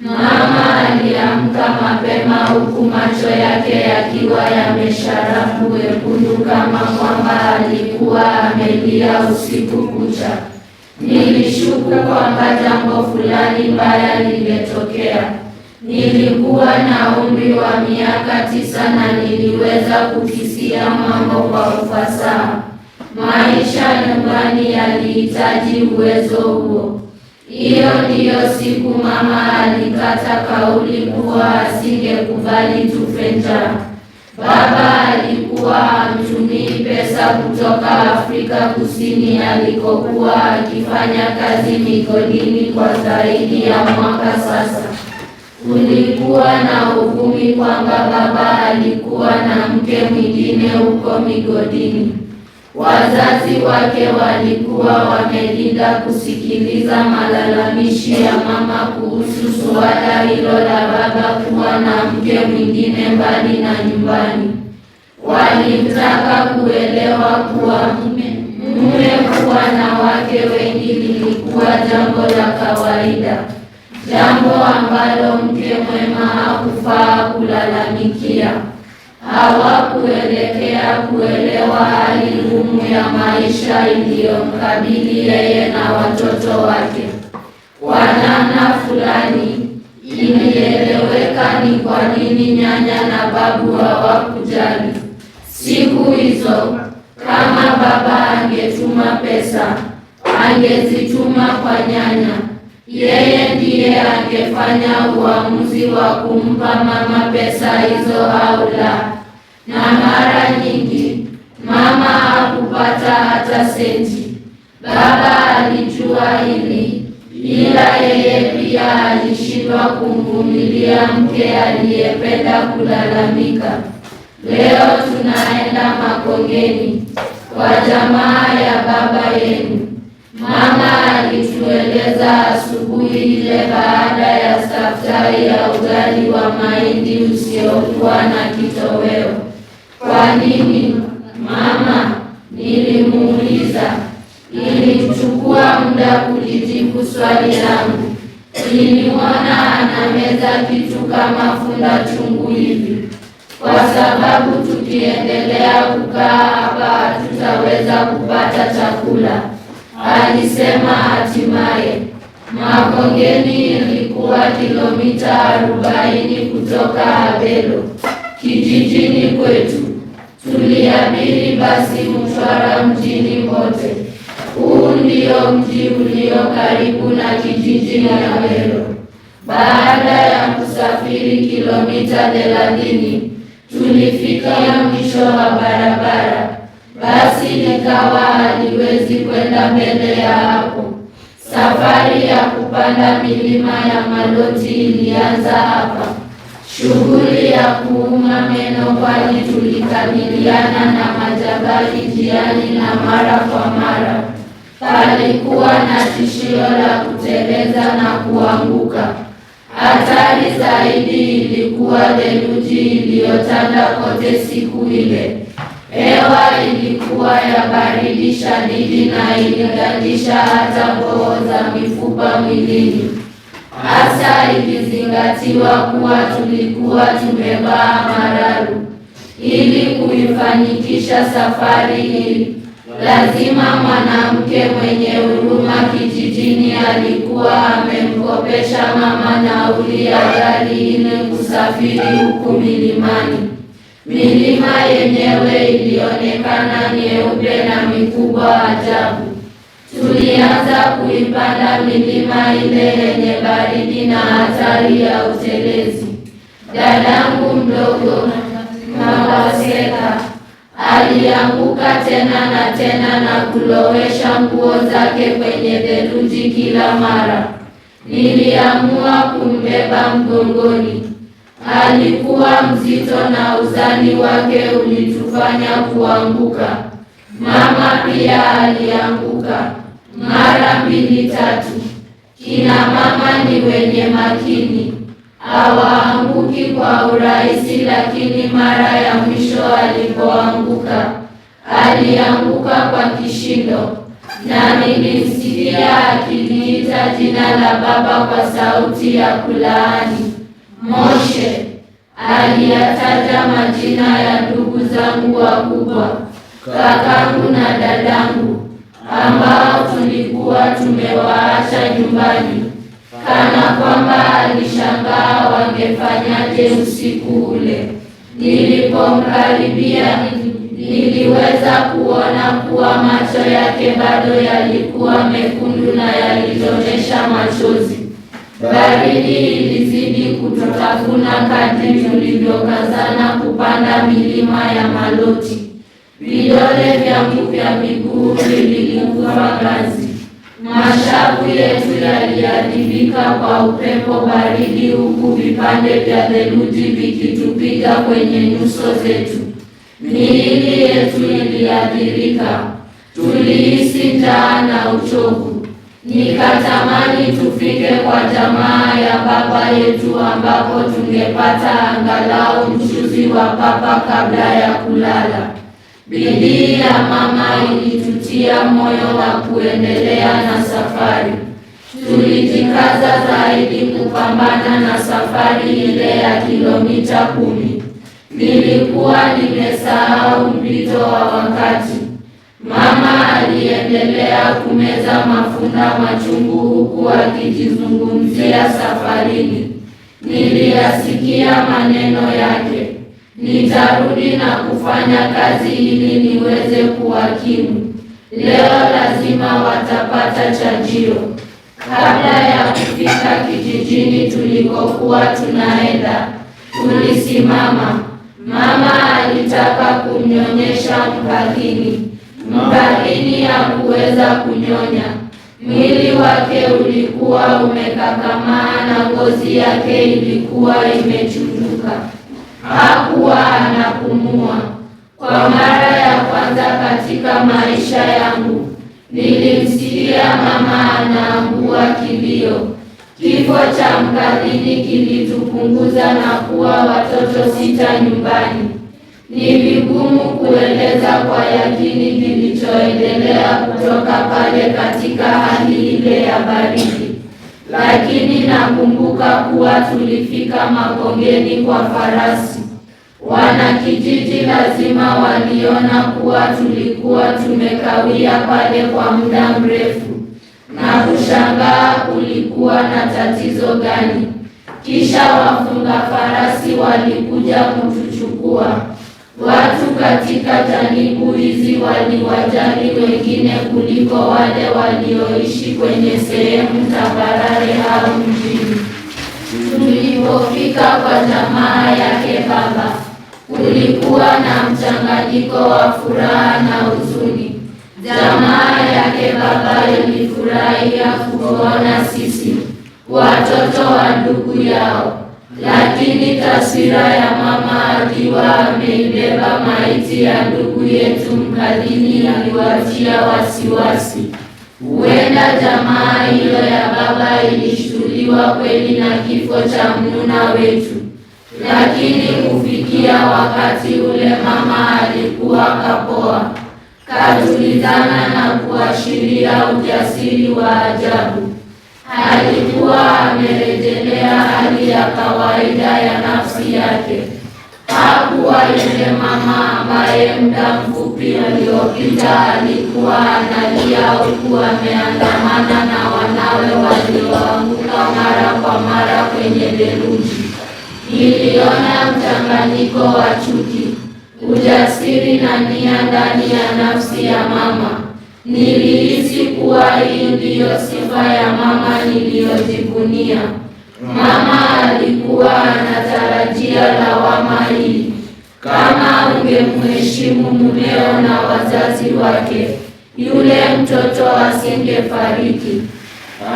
Mama aliamka mapema huku macho yake yakiwa yamesharafu wekundu kama kwamba alikuwa amelia usiku kucha. Nilishuku kwamba jambo fulani mbaya limetokea. Nilikuwa na umri wa miaka tisa na niliweza kukisia mambo kwa ufasaha. Maisha nyumbani yalihitaji uwezo huo. Hiyo ndiyo siku mama alikata kauli kuwa asingekubali tufe njaa. Baba alikuwa amtumii pesa kutoka Afrika Kusini alikokuwa akifanya kazi migodini kwa zaidi ya mwaka sasa. Kulikuwa na uvumi kwamba baba alikuwa na mke mwingine huko migodini. Wazazi wake walikuwa wamelinda kusikiliza malalamishi ya mama kuhusu suala hilo la baba kuwa na mke mwingine mbali na nyumbani. Walitaka kuelewa kuwa mume kuwa na wake wengi lilikuwa jambo la kawaida, jambo ambalo mke mwema hakufaa kulalamikia. Hawakuelekea kuelewa hali ya maisha iliyomkabili yeye na watoto wake. Kwa namna fulani ilieleweka ni kwa nini nyanya na babu hawakujali siku hizo. Kama baba angetuma pesa, angezituma kwa nyanya. Yeye ndiye angefanya uamuzi wa kumpa mama pesa hizo au la, na mara nyingi Mama hakupata hata senti. Baba alijua hili, ila yeye pia alishindwa kumvumilia mke aliyependa kulalamika. Leo tunaenda Makongeni kwa jamaa ya baba yenu. Mama alitueleza asubuhi ile baada ya staftahi ya ugali wa mahindi usiokuwa na kitoweo. Kwa nini? Mama, nilimuuliza, ilimchukua muda kulijibu swali langu. ana anameza kitu kama funda chungu hivi, kwa sababu tukiendelea kukaa hapa hatutaweza kupata chakula, alisema hatimaye. Makongeni ilikuwa kilomita arobaini kutoka Abelo kijijini kwetu tuliabiri basi Mtwara mjini kote. Huu ndio mji ulio karibu na kijiji Nyawero. Baada ya kusafiri kilomita thelathini tulifika mwisho wa barabara, basi nikawa haliwezi kwenda mbele ya hapo. Safari ya kupanda milima ya Maloti ilianza hapa. Shughuli ya kuuma meno, kwani tulikabiliana na majabali njiani na mara kwa mara. Palikuwa na tishio la kuteleza na kuanguka. Hatari zaidi ilikuwa theluji iliyotanda kote siku ile. Hewa ilikuwa ya baridi shadidi na iligandisha hata koo za mifupa mwilini hasa ikizingatiwa kuwa tulikuwa tumevaa mararu. Ili kuifanikisha safari hii, lazima mwanamke mwenye huruma kijijini alikuwa amemkopesha mama nauli ya gari ili kusafiri huku milimani. Milima yenyewe ilionekana nyeupe na mikubwa ajabu. Tulianza kuipanda milima ile yenye baridi na hatari ya utelezi. Dadangu mdogo Mawaseka alianguka tena na tena na kulowesha nguo zake kwenye theluji kila mara. Niliamua kumbeba mgongoni. Alikuwa mzito na uzani wake ulitufanya kuanguka. Mama pia alianguka mara mbili tatu. Kina mama ni wenye makini, hawaanguki kwa urahisi, lakini mara ya mwisho alipoanguka alianguka kwa kishindo, na nilimsikia akiliita jina la Baba kwa sauti ya kulaani. Moshe aliyataja majina ya ndugu zangu wakubwa, kakangu na dadangu ambao tulikuwa tumewaacha nyumbani, kana kwamba alishangaa wangefanyaje usiku ule. Nilipomkaribia niliweza kuona kuwa macho yake bado yalikuwa mekundu na yalionyesha machozi. Baridi ilizidi kutotafuna kadri tulivyokazana kupanda milima ya Maloti. Vidole vyangu vya miguu vilikufa ngazi. Mashavu yetu yaliadhibika kwa upepo baridi, huku vipande vya theluji vikitupiga kwenye nyuso zetu. Miili yetu iliathirika, tulihisi njaa na uchovu. Nikatamani tufike kwa jamaa ya baba yetu, ambapo tungepata angalau mchuzi wa papa kabla ya kulala. Bidii ya mama ilitutia moyo wa kuendelea na safari. Tulijikaza zaidi kupambana na safari ile ya kilomita kumi. Nilikuwa nimesahau mpito wa wakati. Mama aliendelea kumeza mafunda machungu huku akijizungumzia safarini. Niliyasikia maneno yake nitarudi na kufanya kazi ili niweze kuwakimu. Leo lazima watapata chajio. Kabla ya kufika kijijini tulikokuwa tunaenda, tulisimama. Mama alitaka kunyonyesha mkahini, mkahini hakuweza kunyonya. Mwili wake ulikuwa umekakamaa na ngozi yake ilikuwa imechu hakuwa anapumua. Kwa mara ya kwanza katika maisha yangu nilimsikia mama anaangua kilio. Kifo cha mkadhini kilitupunguza na kuwa watoto sita nyumbani. Ni vigumu kueleza kwa yakini kilichoendelea kutoka pale katika hali ile ya baridi lakini nakumbuka kuwa tulifika Makongeni kwa farasi. Wanakijiji lazima waliona kuwa tulikuwa tumekawia pale kwa muda mrefu na kushangaa kulikuwa na tatizo gani. Kisha wafunga farasi walikuja kutuchukua. Watu katika janibu hizi waliwajali wengine kuliko wale walioishi kwenye sehemu tambarare au mjini. Tulipofika kwa jamaa yake baba, kulikuwa na mchanganyiko wa furaha na huzuni. Jamaa yake baba ilifurahia kuona sisi watoto wa ndugu yao lakini taswira ya mama akiwa ameibeba maiti ya ndugu yetu mkadhini iliwatia wasiwasi. Huenda jamaa hiyo ya baba ilishtuliwa kweli na kifo cha mnuna wetu, lakini kufikia wakati ule mama alikuwa kapoa, katulizana na kuashiria ujasiri wa ajabu alikuwa amerejelea hali ya kawaida ya nafsi yake. Hakuwa yule mama ambaye muda mfupi aliyopita alikuwa analia huku ameandamana na wanawe walioanguka mara kwa mara kwenye theluji. Niliona mchanganyiko wa chuki, ujasiri na nia ndani ya nafsi ya mama. Nilihisi kuwa hii ndiyo sifa ya mama niliyojivunia. Mama alikuwa anatarajia lawama hii. Kama ungemheshimu mumeo na wazazi wake, yule mtoto asingefariki.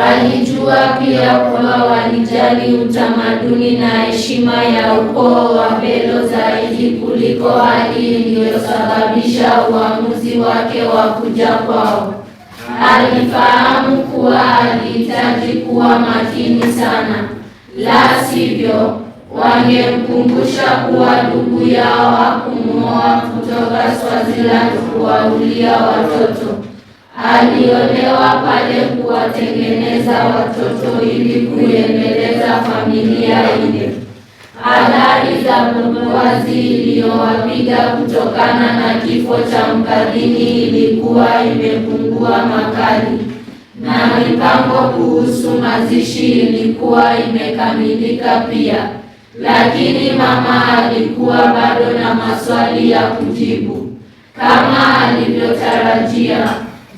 Alijua pia kuwa walijali utamaduni na heshima ya ukoo wa Belo zaidi kuliko hali iliyosababisha uamuzi wake wa kuja kwao. Alifahamu kuwa alihitaji kuwa makini sana, la sivyo wangemkumbusha kuwa ndugu yao hakumuoa kutoka Swaziland kuwaulia watoto. Aliolewa pale kuwatengeneza watoto ili kuendeleza familia ile. adhari za bumbuazi iliyowapiga kutokana na kifo cha mkadhini ilikuwa imepungua makali, na mipango kuhusu mazishi ilikuwa imekamilika pia, lakini mama alikuwa bado na maswali ya kujibu kama alivyotarajia.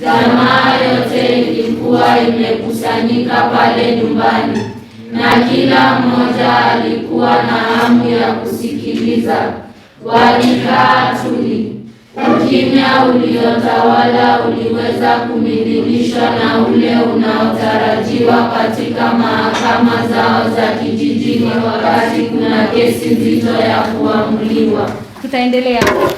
Jamaa yote ilikuwa imekusanyika pale nyumbani, na kila mmoja alikuwa na hamu ya kusikiliza. Walikaa tuli. Ukimya uliotawala uliweza kumidhibishwa na ule unaotarajiwa katika mahakama zao za kijijini, wakati kuna kesi nzito ya kuamuliwa. Tutaendelea.